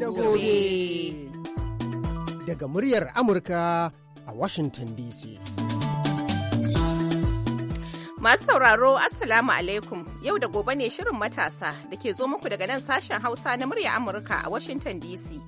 da gobe. Daga muryar Amurka a Washington DC. Masu sauraro, Assalamu alaikum. Yau da gobe ne shirin matasa da ke zo muku daga nan sashen Hausa na murya Amurka a Washington DC.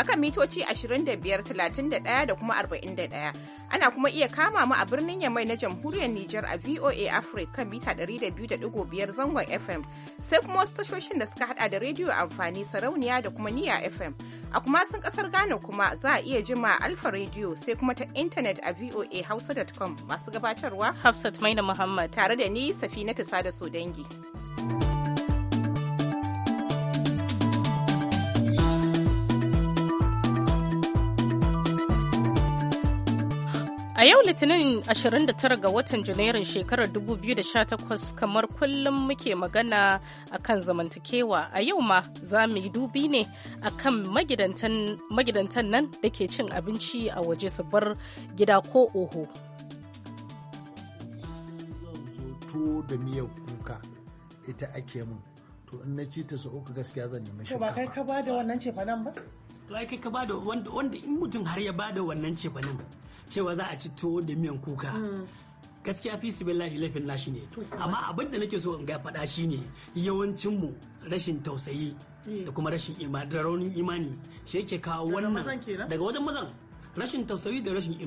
akan mitoci 25,31 da kuma 41. Ana kuma iya kama mu a birnin Yamai na jamhuriyar Nijar a VOA Africa kan mita 200.5 zangon FM. Sai kuma wasu tashoshin da suka hada da rediyo amfani sarauniya da kuma niya FM. A kuma sun kasar Ghana kuma za a iya jima Alfa Radio sai kuma ta intanet a voa voahausa.com masu gabatarwa. Hafsat Maina Muhammad. Tare da ni Safina Tisa da Sodangi. dangi. A yau Litinin 29 ga watan Janairun shekarar 2018 kamar kullum muke magana a kan zamantakewa a yau ma za mu yi dubi ne a kan magidantan nan da ke cin abinci a waje su bar gida ko oho. Tuwo da miyar kuka ita ake mun to in na ci ta uku gaskiya zan nemi shi. Ba kai ka ba da wannan cefanen ba? To ai kai ka ba da wanda in mutum har ya ba da wannan cefanen. ba cewa za a ci tuwo da miyan kuka mm. gaskiya fi su billahi laifin nashi ne amma abin da nake so in ga faɗa shi ne yawancin mu rashin tausayi da kuma rashin imani imani shi yake kawo wannan daga wajen mazan rashin tausayi da rashin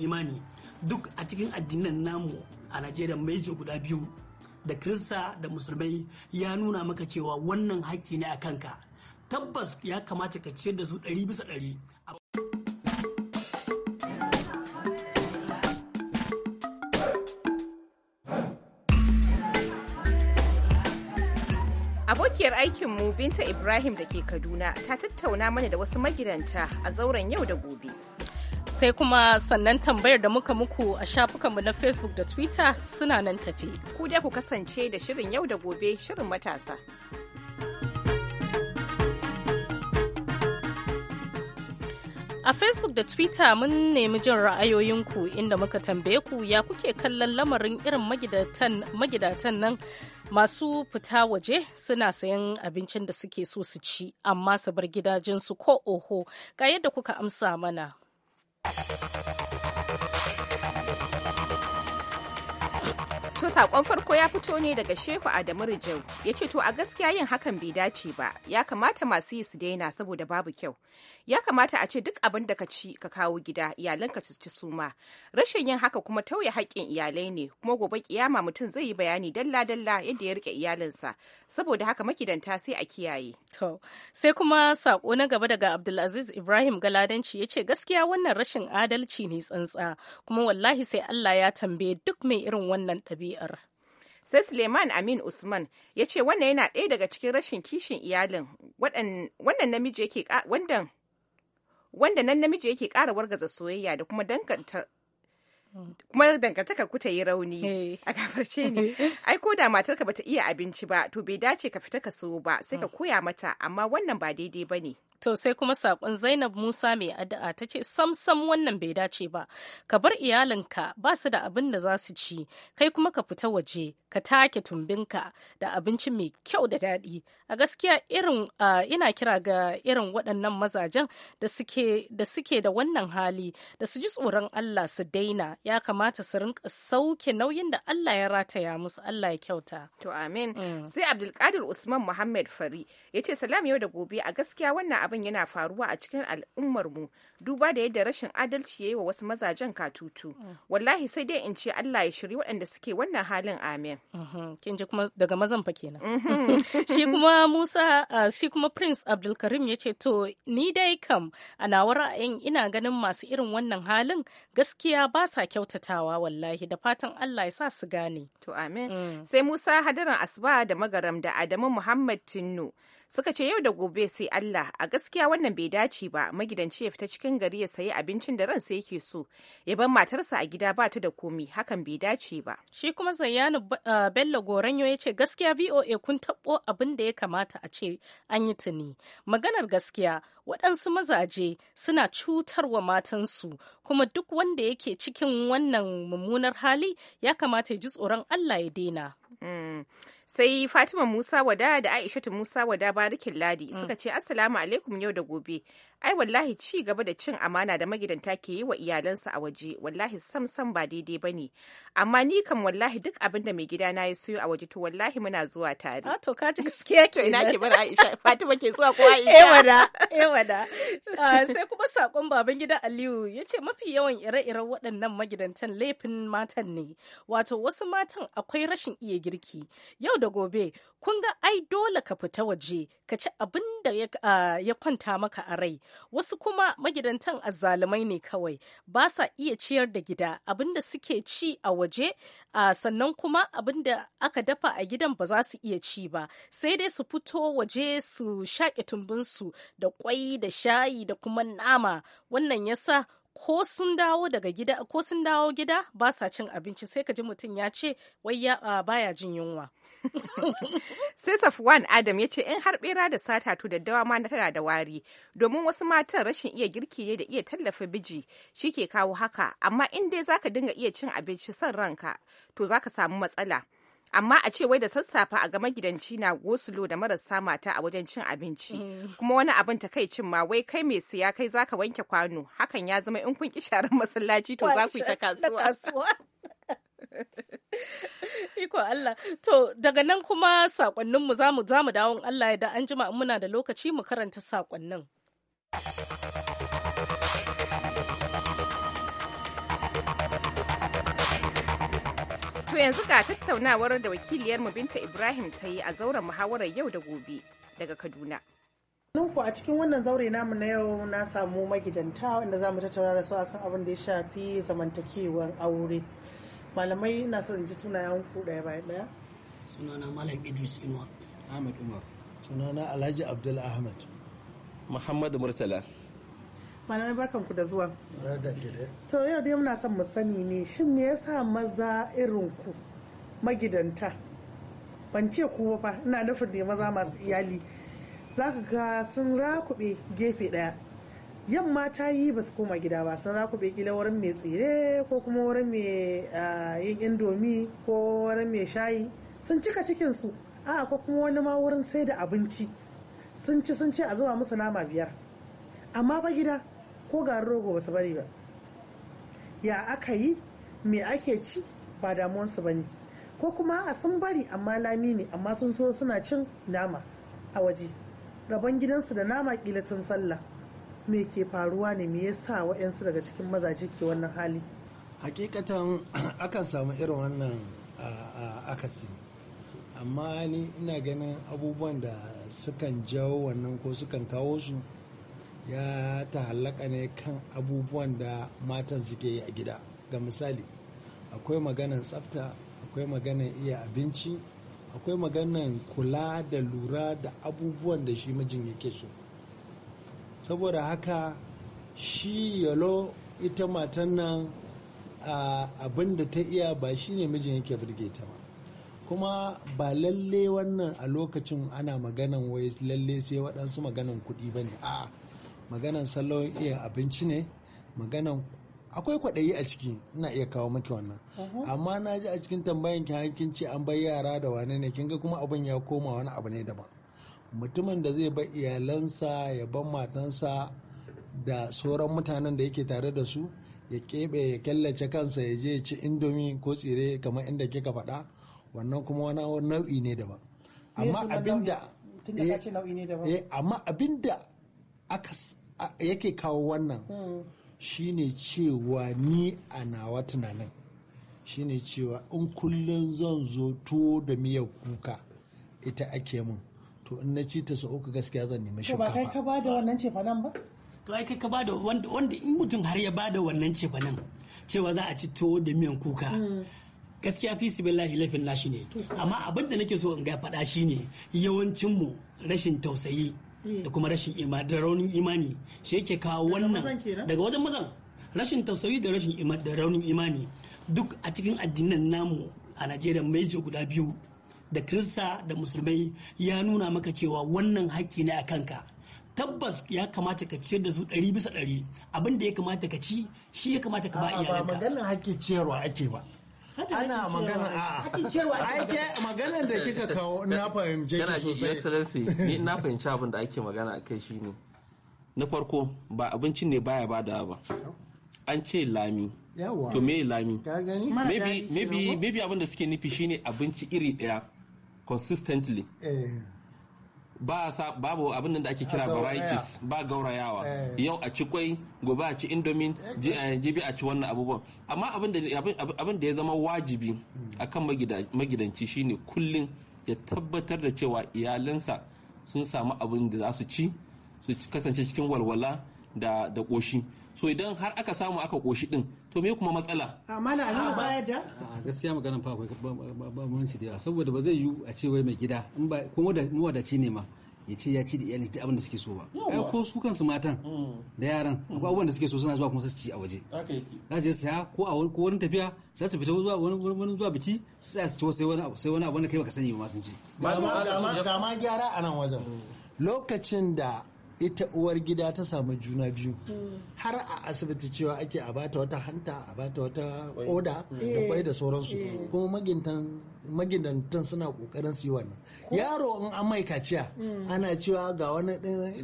imani duk a cikin addinan namu a Najeriya mejo guda biyu da Kirista da Musulmai ya nuna maka cewa wannan haƙƙi ne a kanka tabbas ya kamata ka ciyar da su ɗari bisa ɗari aikinmu Binta Ibrahim da ke Kaduna ta tattauna mana da wasu magidanta a zauren yau da gobe. Sai kuma sannan tambayar da muka muku a shafukanmu na Facebook da Twitter suna nan tafi. Ku dai ku kasance da shirin yau da gobe shirin matasa. A Facebook da Twitter mun nemi jin ra'ayoyinku inda muka tambaye ku ya kuke kallon lamarin irin magidatan nan masu fita waje suna sayan abincin da suke so su ci amma su bar gidajensu ko oho ga yadda kuka amsa mana. To sakon farko ya fito ne daga Shehu Adamu Rijau ya ce to a gaskiya yin hakan bai dace ba ya kamata masu yi su daina saboda babu kyau ya kamata a ce duk abin da ka ci ka kawo gida iyalanka su ci suma rashin yin haka kuma tauye haƙƙin iyalai ne kuma gobe kiyama mutum zai yi bayani dalla dalla yadda ya rike iyalinsa saboda haka makidanta sai a kiyaye. To sai kuma sako na gaba daga Abdulaziz Ibrahim Galadanci ya ce gaskiya wannan rashin adalci ne tsantsa kuma wallahi sai Allah ya tambaye duk mai irin wannan ɗabi'a. jam'iyyar. sai suleiman amin usman ya ce wannan yana ɗaya daga cikin rashin kishin iyalin wannan namiji yake wanda nan namiji yake ƙara wargaza soyayya da kuma danganta kuma dangantaka ku ta yi rauni a kafarce ne ai ko da matarka bata iya abinci ba to bai dace ka fita ka so ba sai ka mm. koya mata amma wannan ba daidai ba ne To sai kuma sakon Zainab Musa mai addu'a ta ce samsam wannan bai dace ba. Ka bar iyalinka ba su da abin da za su ci, kai kuma ka fita waje, ka take tumbinka da abinci mai kyau da daɗi. A gaskiya irin ina kira ga irin waɗannan mazajen da suke da wannan hali da su ji tsoron Allah su daina ya kamata su rinka sauke nauyin da Allah ya rataya musu Allah ya kyauta. To amin. Mm. Sai Abdulkadir Usman Muhammad Fari ya ce salam yau da gobe a gaskiya wannan abin yana faruwa a cikin al'ummarmu duba da yadda rashin adalci ya yi wa wasu mazajen katutu wallahi sai dai in ce allah ya shiri waɗanda suke wannan halin amen. Mhm. kin ji kuma daga mazan fa kenan mhm. shi kuma musa shi kuma prince abdulkarim ya ce to ni dai kam a nawa ra'ayin ina ganin masu irin wannan halin gaskiya ba sa kyautatawa wallahi da fatan allah ya sa su gane to amen mm. sai musa hadarin asuba da magaram da adamu muhammad tinnu suka ce yau da gobe sai allah a gaskiya wannan bai dace ba magidanci ya fita cikin gari ya sayi abincin da ransa yake so ya bar matarsa a gida ba ta da komi hakan bai dace ba shi kuma zayyanu uh, bello goranyo ya ce gaskiya voa kun taɓo abin da ya kamata a ce an yi tuni maganar gaskiya waɗansu mazaje suna cutarwa matansu kuma duk wanda yake cikin wannan mummunar hali ya kamata ya ji tsoron allah ya daina hmm. sai fatima musa wada da aishatu musa wada barikin ladi mm. suka ce assalamu alaikum yau da gobe ai wallahi ci gaba da cin amana da magidanta ke yi wa iyalansa a waje wallahi sam sam ba daidai ba ne amma ni kam wallahi duk abin da mai gida na ya siyo a waje to wallahi muna zuwa tare a ah, to ka ji gaskiya ke ina ke bar Aisha Fatima ke zuwa ko Aisha eh wada eh wada ah, sai kuma sakon baban gida Aliyu ce mafi yawan ire-iren waɗannan magidantan laifin matan ne wato wasu matan akwai rashin iya girki yau da gobe kun ga ai dole ka fita waje ka ci abin da ya ah, kwanta maka a rai wasu kuma magidantan azzalumai ne kawai ba sa iya ciyar da gida abinda suke ci a waje a sannan kuma abinda aka dafa a gidan ba za su iya ci ba sai dai su fito waje su shaƙe tumbinsu da kwai da shayi da kuma nama wannan yasa ko sun dawo daga gida ko sun dawo gida ba sa cin abinci sai ka ji mutum ya ce wai ya baya jin yunwa sai safwan adam ya ce in har bera da sata to daddawa ma na tana da wari domin wasu matan rashin iya girki ne da iya tallafa biji shi ke kawo haka amma in dai zaka dinga iya cin abinci son ranka to zaka samu matsala amma a ce wai da sassafe a gama gidanci na gosulo da marasa mata a wajen cin abinci mm. kuma wani abin cin ma wai kai mai siya kai zaka wanke kwano hakan ya zama in kun ki sharan masallaci to za ta kasuwa Iko Allah. To, daga nan kuma saƙonninmu za mu dawo Allah ya da an jima muna da lokaci mu karanta saƙonnin. To yanzu ga tattaunawar da wakiliyarmu Binta Ibrahim ta yi a zauren muhawarar yau da gobe daga Kaduna. Nunku a cikin wannan zaure namu na yau na samu magidanta wanda za mu tattauna da su akan abin da ya shafi zamantakewar aure. Malamai ina son in ji sunayen ku ɗaya. bayan Sunana Malam Idris Inuwa. Ahmad Umar. Sunana Alhaji Abdul Ahmad. Muhammadu Murtala. malamai barkan ku da zuwa to yau dai muna son mu sani ne shin me yasa maza irin ku magidanta ban ce ku ba ina nufin ne maza masu iyali za ka ga sun rakube gefe daya yamma ta yi ba su koma gida ba sun rakube gida wurin mai tsire ko kuma wurin mai yin indomi ko wurin mai shayi sun cika cikinsu a ko kuma wani ma wurin sai da abinci sun ci sun ce a zuba musu nama biyar amma ba gida ko garin rogo ba su bari ba ya aka yi me ake ci ba damuwansu ba ne ko kuma a sun bari amma lami ne amma sun so suna cin nama a waje rabon gidansu da nama kilatin sallah me ke faruwa ne me yasa waɗansu daga cikin mazaje ke wannan hali hakikatan akan samu irin wannan akasi amma ni ina ganin abubuwan da sukan jawo wannan ko sukan kawo su ya tahallaka ne kan abubuwan da matan suke yi a gida ga misali akwai maganan tsafta akwai maganan iya abinci akwai maganan kula da lura da abubuwan da shi mijin yake so saboda haka shi yalo ita matan nan abin da ta iya ba shi ne mijin yake birge ta ba kuma ba lalle wannan a lokacin ana maganan wai lalle sai waɗansu maganan kuɗi ba ne a'a maganan sallon iya abinci ne maganan akwai kwaɗayi a ciki na iya kawo maki wannan uh-huh. amma na ji a cikin tambayan ki hankin ce an bar yara da wane ne kin kuma abin ya koma wani abu ne daban mutumin da zai bar iyalansa ya ban matansa da sauran mutanen da yake tare da su ya keɓe ya kyallace kansa ya je ya ci indomi ko tsire kamar inda kika faɗa wannan kuma wani nau'i ne daban amma abinda eh, eh, amma abinda aka yake kawo wannan shine cewa ni a nawa tunanin shine cewa in kullum zan zo tuwo da miyar kuka ita ake mun to in na ci ta sau uku gaskiya zan nemi shi ba kai ka ba da wannan cefanen ba? to ai kai ka ba da wanda in mutum har ya ba da wannan nan cewa za a ci tuwo da miyan kuka. gaskiya fi sibillahi laifin lashi ne amma abin da nake so in ga faɗa shine yawancin mu rashin tausayi Eh. da kuma rashin imani da raunin imani shi yake kawo wannan daga wajen mazan rashin tausayi da rashin imani da raunin imani duk a cikin addinan namu a Najeriya mai guda biyu da Kirista da Musulmai ya nuna maka cewa wannan hakki ne a kanka tabbas ya kamata ka ciyar da su ɗari bisa ɗari abin da ya kamata ka ci shi ya kamata ka ba iyalanka ba maganar haƙƙin ciyarwa ake ba ana magana a aike maganar da kika kawo na fahimce ki sosai excellency ni na fahimci abin da ake magana akai shine na farko ba abincin ne baya bada ba an ce lami to me lami maybe maybe maybe abin da suke nufi shine abinci iri daya consistently eh. ba sa babu abin da ake kira varieties ba gaurayawa eh. yau a ci kwai gobe a ci indomin eh. eh, jibi a ci wannan abubuwan amma abin da ya zama wajibi hmm. akan magidanci shine kullum ya tabbatar da cewa iyalinsa sun samu abin da za su ci su kasance cikin walwala da koshi so idan har aka samu aka koshi din to me kuma matsala ah, a mala amina ba yadda a ah, ah, gaskiya magana fa akwai bambanci da saboda ba zai yiwu a ce wai mai gida in ba kuma da wadaci ne ma ya ce ya ci da iyalin abin da suke so ba ai ko su kansu matan mm. da yaran mm. akwai abubuwan da suke so suna zuwa kuma su ci a waje za su je saya ko a wurin tafiya za su fita zuwa wani zuwa biki su tsaya su ci sai wani abu sai wani abu wanda kai baka sani ba ma sun ci ga ma gyara a nan wajen mm. lokacin da ita uwar gida ta samu juna biyu hmm. har a asibiti cewa ake a bata wata hanta a bata wata oda hmm. da kwai da eh. sauransu eh. kuma magintan suna kokarin su yi wannan yaro in an mai kaciya hmm. ana cewa ga wani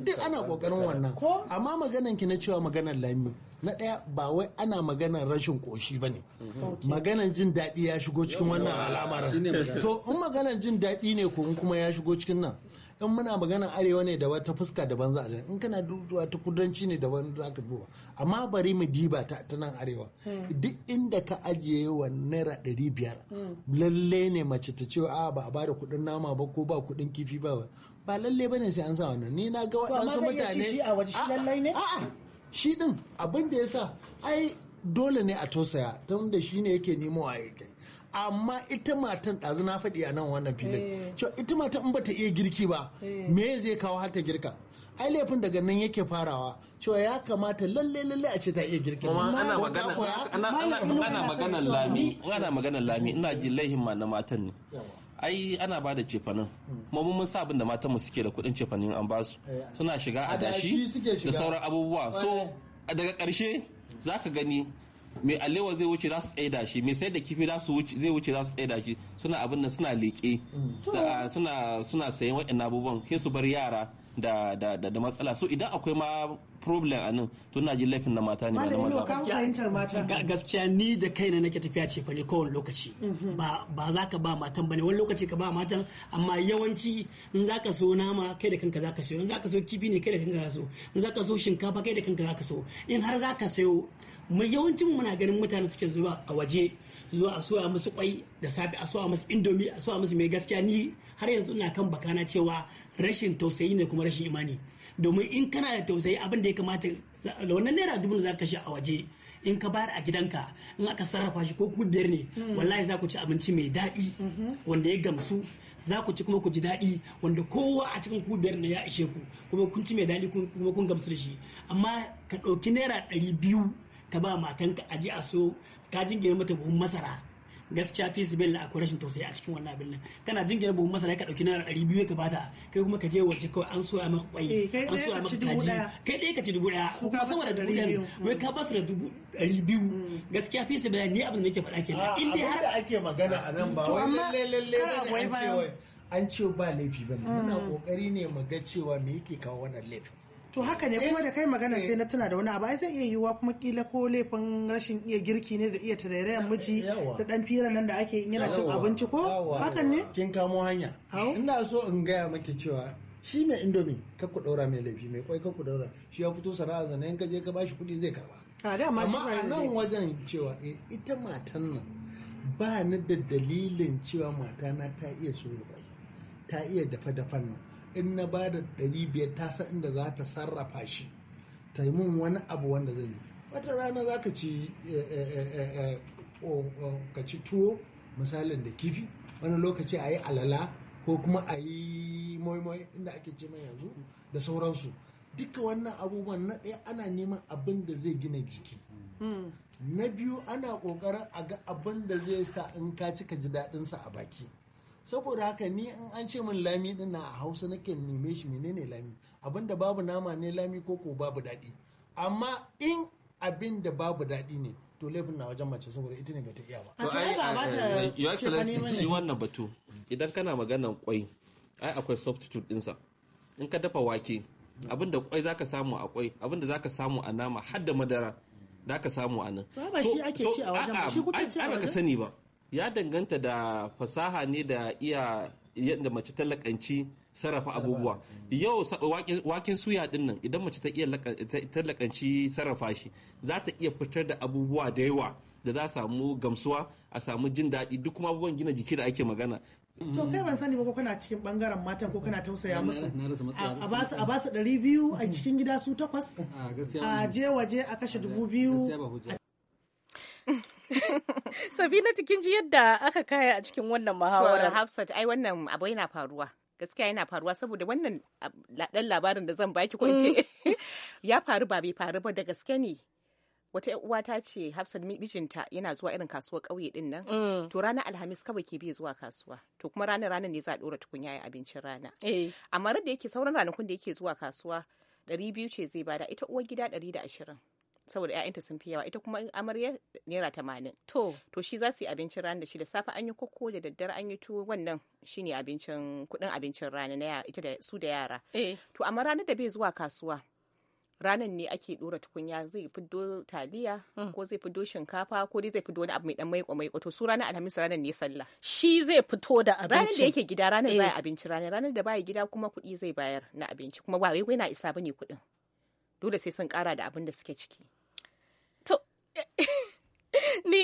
duk ana kokarin wannan amma maganan ki na cewa maganar lami na ɗaya ba wai ana maganan rashin koshi ba ne maganar jin daɗi ya shigo cikin wannan alamar to in maganan jin daɗi ne ko kuma ya shigo cikin nan in muna magana arewa ne da wata fuska daban za a in kana duba ta kudanci ne daban za ka duba amma bari mu diba ta ta nan arewa hmm. duk inda ka ajiye wa naira ɗari biyar hmm. lalle ne mace ta ce a ba a bada kuɗin nama ba ko ba kuɗin kifi ba ba lalle ba ne sai an sa wannan ni na ga waɗansu mutane a waje shi lallai ne a'a shi din abin da ya sa ai dole ne a tausaya tun da shi ne yake nemo a yake amma ita matan ɗazu na faɗi a nan wannan filin eh. cewa ita matan in bata iya girki ba eh. me zai kawo har ta girka ai laifin daga nan yake farawa cewa ya kamata lalle lalle a ce ta iya girki kuma ana magana ana magana lami ana magana lami ina jin laihin ma na matan ne ai ana ba da cefanin kuma mun sa abin da matan mu suke da kuɗin cefanin an basu eh, suna shiga adashi da sauran abubuwa so daga ƙarshe za ka gani mai alewa zai wuce za su tsaida shi mai sai da kifi zai wuce za su tsaida shi suna abin da suna leƙe ah, suna suna sayan waɗannan abubuwan sai su bar yara da da da matsala so idan akwai ma problem a nan to na ji laifin na mata ne na mata gaskiya ni da kaina nake tafiya ce fa ne kowane lokaci mm-hmm. ba za ka ba matan ne wani lokaci ka ba matan amma yawanci in za ka so nama kai da kanka za ka sayo in za ka so kifi ne kai da kanka za ka so in za ka so shinkafa kai da kanka za ka so in har za ka sayo mu yawancin muna ganin mutane suke zuwa a waje zuwa a soya musu kwai da safe a soya musu indomi a soya musu mai gaskiya ni har yanzu ina kan bakana cewa rashin tausayi ne kuma rashin imani domin in kana da tausayi abin da ya kamata da wannan naira dubu da za ka sha a waje in ka bayar a gidanka in aka sarrafa shi ko ku biyar ne hmm. wallahi za ku ci abinci mai daɗi mm-hmm. wanda ya gamsu za ku ci kuma ku ji daɗi wanda kowa a cikin ku biyar ne ya ishe ku kuma kun ci mai daɗi kuma kun gamsu da shi amma ka ɗauki naira ɗari biyu ka ba matanka a ji a so ka jingina mata buhun masara gaskiya fi su la akwai rashin tausayi a cikin wannan abin nan kana jingina buhun masara ka dauki naira ɗari biyu ka bata kai kuma ka je waje kawai an soya maka kwai eh, an soya maka kaji kai ɗaya ka ci dubu ɗaya ko kuma sama da dubu ɗaya wai ka basu da dubu ɗari biyu mm. gaskiya fi su bella ni abin da nake faɗa kenan in dai har da ake magana a nan ba wai lalle lalle wai an ce ba laifi bane muna kokari mm. ne mu ga cewa me yake kawo wannan laifin to haka ne kuma da kai magana sai na tuna da wani abu ai zai iya yiwuwa kuma kila ko laifin rashin iya girki ne da iya tarairayan miji da dan firan nan da ake yana cin abinci ko hakan ne kin kamo hanya ina so in gaya maki cewa shi mai indomi ka ku daura mai laifi mai kwai ka ku daura shi ya fito sana'a zanen ka je ka bashi kuɗi zai karba amma a nan wajen cewa eh, ita matan nan ba ni da dalilin cewa matana ta iya soya kwai ta iya dafa dafan nan in na ba da ɗari biyar ta san inda za ta sarrafa shi ta yi min wani abu wanda zan yi wata rana za ka ci eh, eh, eh, ka ci tuwo misalin da kifi wani lokaci a yi alala ko kuma a yi moimoi inda ake ce mai yanzu da sauransu duka wannan abubuwan na ɗaya ana neman abin da zai gina jiki hmm. na biyu ana ƙoƙarin a ga abin da zai sa in ka ci ka ji daɗinsa a baki saboda haka ni in an ce min lami din na a hausa nake neme shi menene lami abinda babu nama ne lami ko ko babu daɗi amma in abin da babu daɗi ne to laifin na wajen mace saboda ita ne bata iya ba. a to ba ba ta eh, eh, your excellency shi wannan batu idan kana maganar kwai ai akwai substitute ɗinsa in ka dafa wake abin da kwai zaka samu a kwai abin da zaka samu a nama har da madara zaka samu a nan. ba shi ake ci a wajen ba shi kuka ci a wajen. ba ka sani ba. ya danganta da fasaha ne da iya yadda mace ta lakanci sarrafa abubuwa yau waken suya din nan idan mace ta iya lakanci sarrafa shi za ta iya fitar da abubuwa da yawa da za samu gamsuwa a samu jin daɗi duk kuma abubuwan gina jiki da ake magana to kai ban sani ba ko kana cikin bangaren matan ko kana tausaya musu a ba su ɗari biyu a cikin gida su takwas a je waje a kashe dubu biyu Sabina kin ji yadda aka kaya a cikin wannan muhawara. To Hafsat ai wannan abu yana faruwa. Gaskiya yana faruwa saboda wannan dan ah, labarin da zan baki ko mm. ya faru ba bai faru ba da gaske ne. wata uwa ta ce hafsat mijinta yana zuwa irin kasuwar ƙauye din nan mm. to ranar alhamis kawai ke bai zuwa kasuwa to kuma ranar ranar ne za a ɗora tukunya ya abincin rana eh. amma da yake sauran ranakun da yake zuwa kasuwa ɗari biyu ce zai bada ita uwar gida ɗari da ashirin saboda ƴaƴanta sun fi yawa ita kuma amarya naira tamanin to to shi za su yi abincin rana da shi da safe an yi koko da daddare an yi tuwo wannan shine abincin kuɗin abincin rana na ita da su da yara eh. to amma ranar da bai zuwa kasuwa ranar ne ake dora tukunya zai fiddo taliya mm. ko zai fiddo shinkafa ko dai zai fiddo wani abu mai dan maiko maiko to su ranar alhamis ranar ne sallah shi zai fito da abinci ranar da yake gida ranar zai eh. abinci ranar ranar da bai gida kuma kuɗi zai bayar na abinci kuma ba wai na isa bane kuɗin dole sai sun kara da abin da suke ciki ni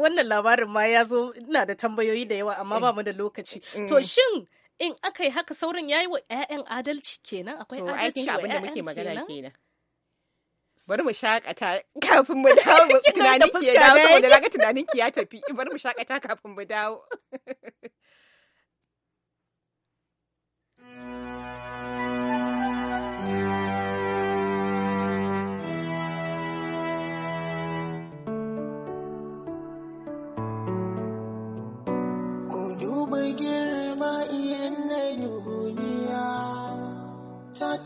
wannan labarin ma ya zo ina da tambayoyi da yawa amma ba mu da lokaci mm. to shin in aka yi haka sauran ya yi wa 'ya'yan adalci kenan akwai adalci wa 'ya'yan muke magana kenan bari mu shakata kafin mu dawo tunanin ki ya dawo saboda naga tunanin ki ya tafi bari mu shakata kafin mu dawo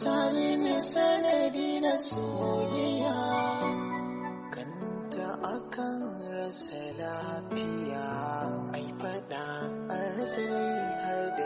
ta mini sanadi na soyayya kanta akan rasa lafiya ai fada an rasa har da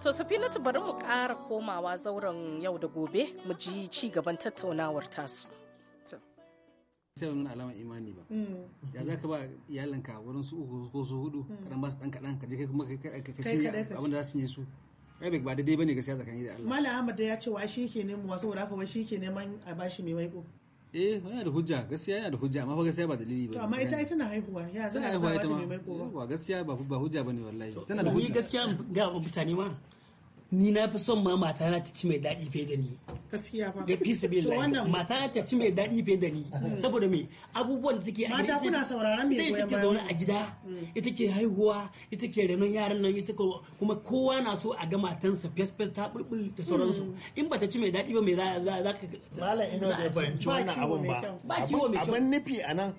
To Safinatu bari mu ƙara komawa zauren yau da gobe mu ji ci gaban tattaunawar tasu. sai wani alama imani ba hmm. ya za ka ba iyalinka wurin su uku ko su hudu hmm. kadan ba su dan kadan ka je kai kuma kai ka ci abin da za su yi su ai ba daidai bane gaskiya tsakanin da Allah Malam Ahmad ya ce wa shi ke mu wasu haka wa shi ke neman a bashi mai waiko. eh yana da hujja gaskiya yana da hujja amma fa gaskiya ba dalili ba amma ita ita na haihuwa ya za a haihuwa ita ma gaskiya ba ba hujja bane wallahi tana da hujja gaskiya ga mutane ma ni na fi son ma mata na ta ci mai daɗi fiye da ni gaskiya ba da fi sabi mata na ta ci mai daɗi fiye da ni saboda me abubuwan da take mata kuna sauraron me goyon take zaune a gida mm. ita ke haihuwa ita ke renon yaran nan ita kuma kowa na so a ga matansa fes fes ta ɓulɓul da sauransu mm. in ba ta ci mai daɗi ba me za ka mala ino da bayanci wannan abun ba abin nufi a nan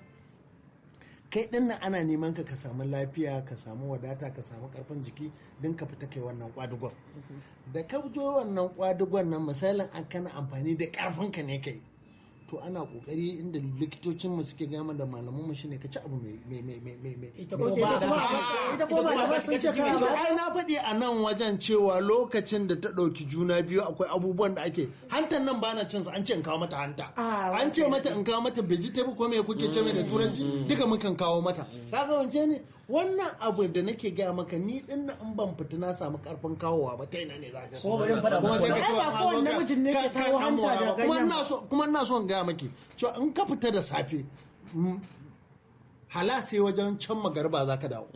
kai din nan ana neman ka ka samu lafiya ka samu wadata ka samu karfin jiki din ka fita kai wannan kwadugon mm-hmm. da ka jo wannan kwadugon nan misalin an kana amfani da karfin ka ne kai to ana kokari inda likitocin mu suke gama da malaman mu shine ka abu mai mai mai mai mai ita ko ba sun ce kana ba ai na faɗi a nan wajen cewa lokacin da ta ɗauki juna biyu akwai abubuwan da ake hantan nan bana cin su an ce in kawo mata hanta ah, an ce mata in kawo mata vegetable ko me kuke ce mai da turanci mm, mm, mm. duka mukan kawo mata kaga wance ne wannan abu da nake gaya maka ni din na in ban fitina samu karfin kawowa ba ta ina ne za ka kuma sai ka ba ne ke kawo hanta da kuma ina so kuma ina so in gaya maki cewa in ka fita da safe hala sai wajen can magarba za ka dawo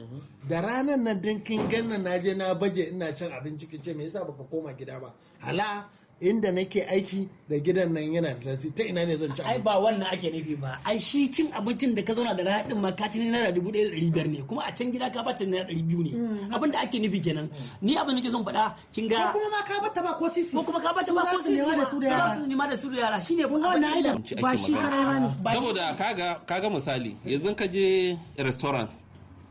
da ranar nan dinkin ganna na je na baje ina cin abinci ce me yasa baka koma gida ba hala inda nake aiki da gidan nan yana da nasi ta ina ne zan ci ai ba wannan ake nufi ba ai shi cin abincin da ka zauna da rana din ma ka ci naira dubu ɗaya da ɗari biyar ne kuma a can gida ka bata naira ɗari biyu ne mm. abin da ake nufi kenan mm. ni abin da ke son faɗa kin ga ko kuma ma ka bata ba ko sisi ko kuma ka bata ba ko sisi ma su da yara su nema da su da yara shine ba wannan ai ba shi karama ne saboda kaga kaga misali yanzu ka je restaurant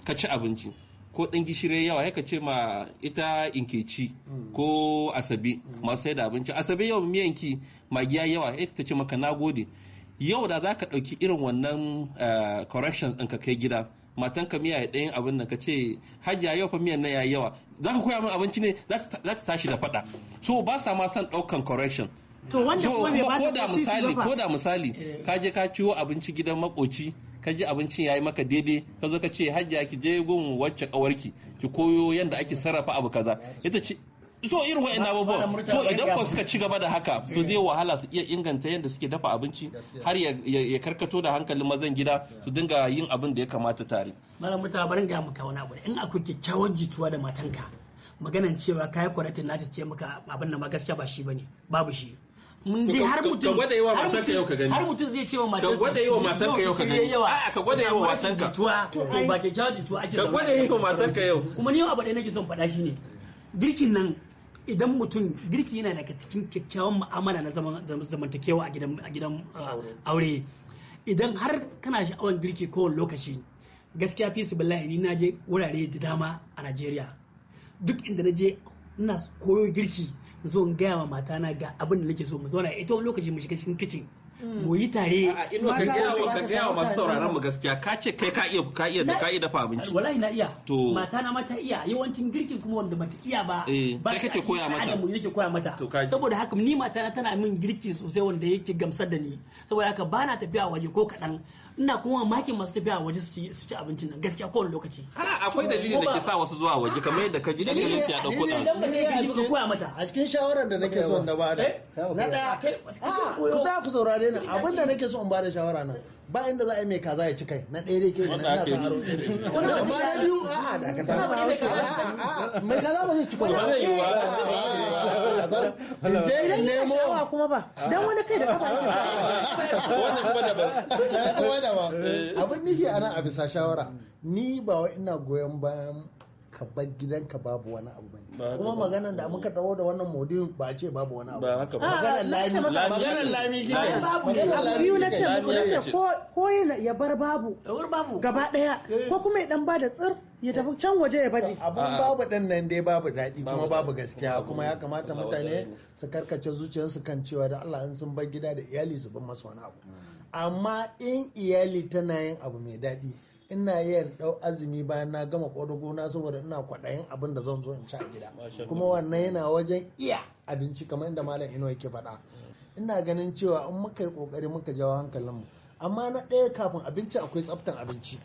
ka ci abinci ko ɗan gishiri yawa ya ce ma ita inkeci ko asabi masu sai da abinci asabi yau miyanki magiya yawa ya ta ce maka nagode yau da za ka ɗauki irin wannan eh, correction ɗin ka kai gida matan ka miya ɗayan abin nan ka ce hajiya yau fa miyan nan ya yawa za ka koya min abinci ne za ta tashi da faɗa so ba sa ma son ɗaukan correction to wanda kuma bai ba ta misali ko da misali ka je ka ciwo abinci gidan makoci ka ji abincin yi maka daidai ka zo ka ce hajja ki je gun wacce kawarki ki koyo yadda ake sarrafa abu kaza ita ce so irin wa'in abubuwan so idan ba suka ci gaba da haka so zai wahala su iya inganta yadda suke dafa abinci har ya karkato da hankalin mazan gida su dinga yin abin da ya kamata tare malam muta barin ga kawo wani abu in akwai kyakkyawar jituwa da matanka maganan cewa kwanatin na ta ce maka abin da ma gaskiya ba shi bane babu shi mun dai har mutum gwada yawa matar ka yau ka gani har mutum zai ce wa matar ka gwada yawa matar ka yau ka gani a'a ka gwada yawa matar ka to ba ke jaji to ake ka gwada yawa matar ka yau kuma ni abu da nake son faɗa shine girkin nan idan mutum girki yana daga cikin kyakkyawan mu'amala na zamantakewa a gidan uh, aure idan har kana sha'awan girki kowane lokaci gaskiya fi su billahi ni naje wurare da dama a Najeriya duk inda naje ina koyo girki zo in gaya wa matana ga abin da nake so mu zauna ita wani lokaci mu shiga cikin kicin muyi tare. tare ka gaya wa masu sauraron mu gaskiya ka ce kai ka iya ka iya ka iya dafa abinci wallahi na iya to mata na mata iya yawancin girkin kuma wanda bata iya ba eh, ba kake koya mata mu nake koya mata saboda haka ni mata na tana min girki sosai wanda yake gamsar da ni saboda haka bana tafiya waje ko kadan ina kuma makin masu tafiya waje su ci abincin nan gaskiya kowane lokaci akwai dalilin da ke sa wasu zuwa waje kamar yadda ka ji dalilin ya dauko da a cikin shawarar da nake son da ba da eh? na da ah, ku za ku saurare irin abin da nake so in bada shawara nan ba inda za a yi mai kaza ya ci kai na ɗaya dai ke na ina san aro ba na biyu a'a da ka tana mai kaza ba zai ci kai ba zai yi wa je ne wa kuma ba dan wani kai da kafa ne wani kuma da ba kuma da ba abin nufi anan a bisa shawara ni ba wa ina goyon bayan ka bar gidanka babu wani abu ba kuma maganar da muka dawo da wannan modin ba ce babu wani abu ba haka ba maganar lami kike maganar biyu na ce muku na ko ko ya bar babu gaba daya eh. ko kuma ya dan ba da tsir ya tafi can waje ya baje abun babu dan nan dai babu dadi kuma babu gaskiya kuma ya kamata mutane su karkace zuciyarsu kan cewa da Allah in sun bar gida da iyali su bar masu wani abu amma in iyali tana yin abu mai dadi ina yin dau azumi bayan na gama ƙwadago gona saboda ina kwaɗayin abin da zan zo in ci a gida kuma wannan yana wajen iya abinci kamar inda malam ino yake faɗa ina ganin cewa in muka yi ƙoƙari muka jawo hankalinmu amma na ɗaya kafin abinci akwai tsaftan abinci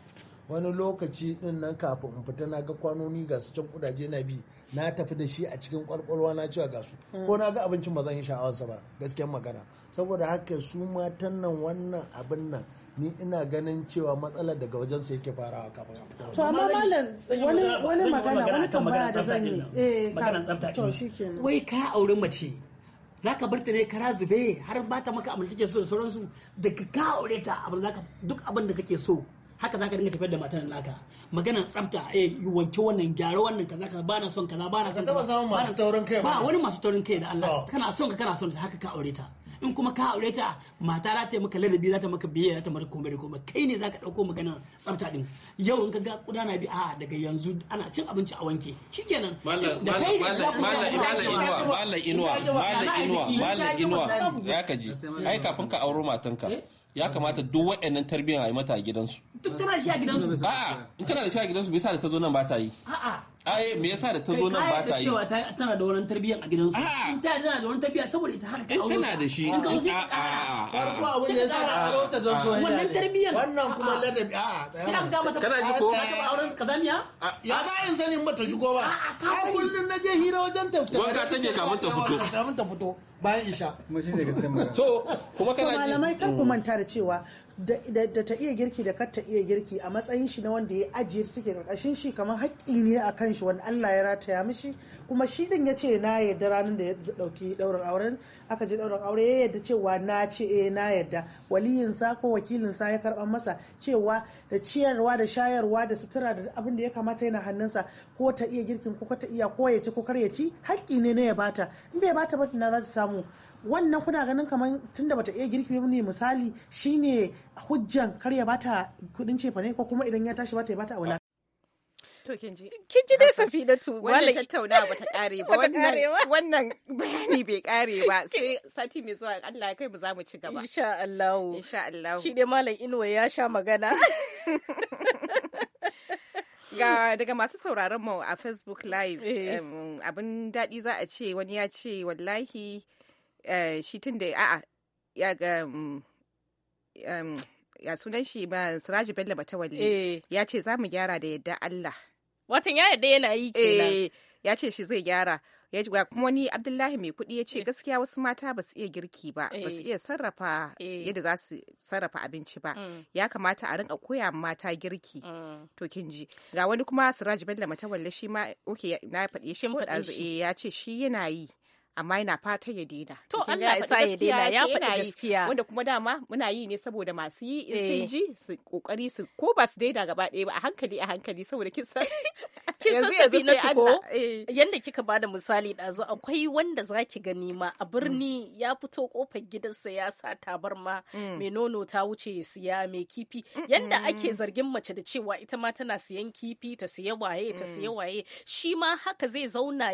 wani lokaci din nan kafin in fita na ga kwanoni ga su can kudaje na bi na tafi da shi a cikin kwalkwalwa na cewa ga su ko na ga abincin ba zan yi sha'awarsa ba gaskiyar magana saboda haka su matan nan wannan abin nan ni ina ganin cewa matsalar daga wajen sa yake farawa kafin a fita to amma malam wani wani magana wani tambaya da zan yi eh magana to shikenan wai ka aure mace za ka bar ta ne kara zube har ba ta maka amince da so da sauransu daga ka aure ta abin zaka duk abin da kake so haka za ka dinga tafiyar da matan naka maganar tsafta eh wanke wannan gyara wannan kaza kaza bana son kaza bana son kai ba wani masu taurin kai da Allah kana son ka kana son ta haka ka aure ta in kuma ka aure ta mata za ta yi maka ladabi za ta maka biyayya za ta maka komai da komai kai ne za ka ɗauko magana tsafta din yau in ka ga kudana bi a daga yanzu ana cin abinci a wanke shikenan da kai ne za ku ga mala inuwa mala inuwa mala inuwa ya ka ji ai kafin ka auro matanka eh? ya kamata duk waɗannan tarbiyyar a yi mata a gidansu. Duk tana da shi a gidansu. A'a, in tana da shi a gidansu bisa da ta zo nan ba ta yi. A'a. Aye, me yasa da ta zo nan ba ta yi Kai cewa tana da wani tarbiyyar a gidansu in ta tana da wani tarbiyya saboda ita haka in eh, tana da shi in ka wasu a a farko abin da yasa ta zo ta don soyayya wannan tarbiyyar wannan kuma ladabi a sai an ga mata kana ji ko ka taba auren ka zamiya? ya ga in sani ba ta shigo ba ai kullun na je hira wajen ta fita wanka take kafin ta fito kafin ta fito bayan isha kuma shi ne ga sai so kuma kana ji malamai kar ku manta da cewa da ta iya girki da kar ta iya girki a matsayin shi na wanda ya ajiye ta take karkashin shi kamar haƙƙi ne a kan shi wanda Allah ya rataya mishi kuma shi din ya ce na yarda ranar da ya dauki daurin auren aka je daurin aure ya yarda cewa na ce eh na yarda waliyin sa ko wakilin sa ya karɓar masa cewa da ciyarwa da shayarwa da sutura da abin da ya kamata yana hannunsa ko ta iya girkin ko ta iya ko ya ci ko kar ya ci haƙƙi ne na ya bata in bai bata ba na za ta samu wannan kuna ganin kamar tunda bata iya girki ba ne misali shine hujjan kar ya bata kudin cefa ne ko kuma idan ya tashi bata ya bata wala to kin ji wannan tattaunawa bata kare ba wannan bayani bai kare ba sai sati mai zuwa Allah ya kai mu za mu ci gaba insha Allah insha Allah shi dai malam Inuwa ya sha magana ga daga masu sauraron mu a facebook live eh. abin daɗi za a ce wani ya ce wallahi Eh, shi tun da a'a ya ga um, um, ya sunan shi ba Siraji Bello Batawalli eh. ya ce za mu gyara da yadda Allah. Watan ya yadda yana yi kenan. Eh, ya ce shi zai gyara. ya ji kuma wani abdullahi mai kuɗi ya ce gaskiya wasu mata ba su iya girki ba ba su iya sarrafa yadda za su sarrafa abinci ba mm. ya kamata a rinka koya mata girki mm. to kin ji ga wani kuma Siraji bello matawalle shi ma oke na faɗi shi ko ya ce shi yana yi amma yana fata ya daina to Allah ya sa ya daina ya faɗi gaskiya wanda kuma dama muna yi ne saboda masu yi in sun eh. ji su kokari su ko ba su daina gaba ɗaya ba a hankali a hankali saboda kin kin san sabi na tuko yanda kika bada misali ɗazu akwai wanda zaki gani ma a birni mm. ya fito kofar gidansa ya sa tabarma mm. mai nono ta wuce ya siya mai kifi yanda ake zargin mace da cewa ita ma tana siyan kifi ta siya waye ta mm. siya waye shi ma haka zai zauna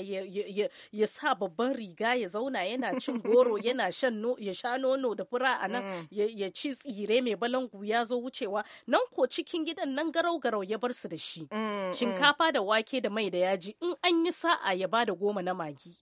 ya sa babban riga ya zauna yana cin goro yana shan ya sha nono da fura a nan ya ci tsire mai balangu ya zo wucewa nan ko cikin gidan nan garau garau ya bar su da shi shinkafa da wake da mai da yaji in an yi sa'a ya ba da goma na magi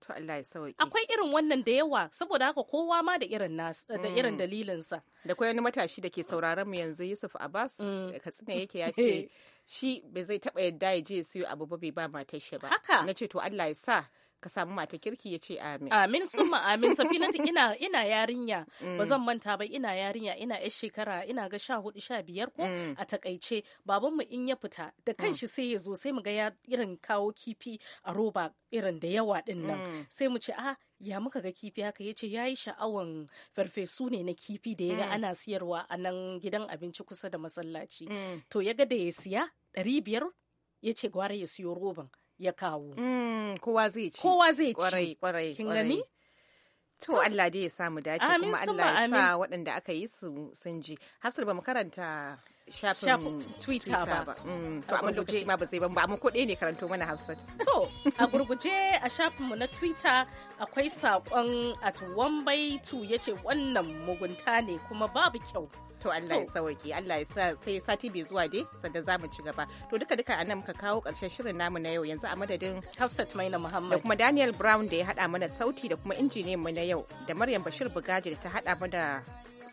to akwai irin wannan da yawa saboda haka kowa ma da irin mm. irin dalilinsa da kwai wani matashi da ke sauraron mu yanzu Yusuf Abbas mm. Katsina yake ya ce shi bai zai taba yadda ya je siyo abu ba bai ba matar ba haka ce to Allah ya sa ka samu mata kirki ya ce amin amin sun ma amin safinatu ina ina yarinya mm. ba zan manta ba ina yarinya ina yar shekara ina ga sha hudu sha biyar ko mm. a takaice babanmu in ya fita da mm. kanshi sai ya zo sai mu ga ya irin kawo kifi a roba irin da yawa din nan sai mu ce a ah, ya muka ga kifi haka ya ce ya yi sha'awan farfesu ne na kifi da ya ga ana siyarwa a nan gidan abinci kusa da masallaci to ya ga da ya siya ɗari biyar ya ce gwara ya siyo roban ya kawo mm, kowa zai ci kowa zai ci kwarai kwarai. kin gani To Allah dai ya samu dace kuma Allah ya sa waɗanda aka yi su sun ji. Hafsat ba mu karanta shafin Twitter ba. Mm, to amma lokaci ma ba zai ban ba amma kuɗi ne karanto mana Hafsat. To a gurguje a shafinmu na Twitter akwai saƙon at wambai tu yace wannan mugunta ne kuma babu kyau. To Allah ya sauke Allah ya sa sai sati bai zuwa dai sanda zamu ci gaba. To duka duka anan muka kawo karshen shirin namu na yau yanzu a madadin Hafsat Maina Muhammad da kuma Daniel Brown da ya haɗa mana sauti da kuma injiniyan mu na yau da Maryam Bashir Bugaji da ta haɗa mana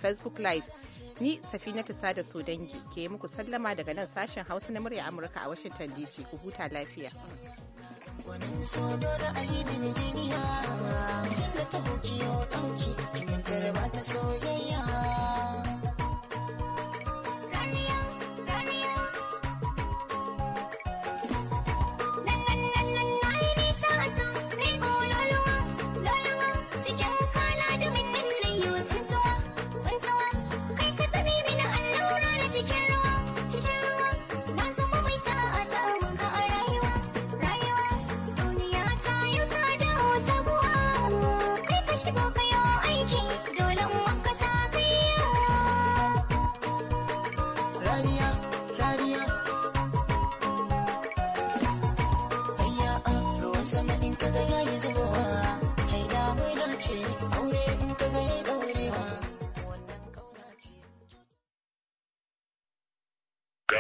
Facebook Live. Ni Safina ta sada su dangi ke muku sallama daga nan sashen Hausa na murya Amurka a Washington DC. Ku huta lafiya. wannan a yi inda ta buki yau ɗauki, kimantar ba ta soyayya.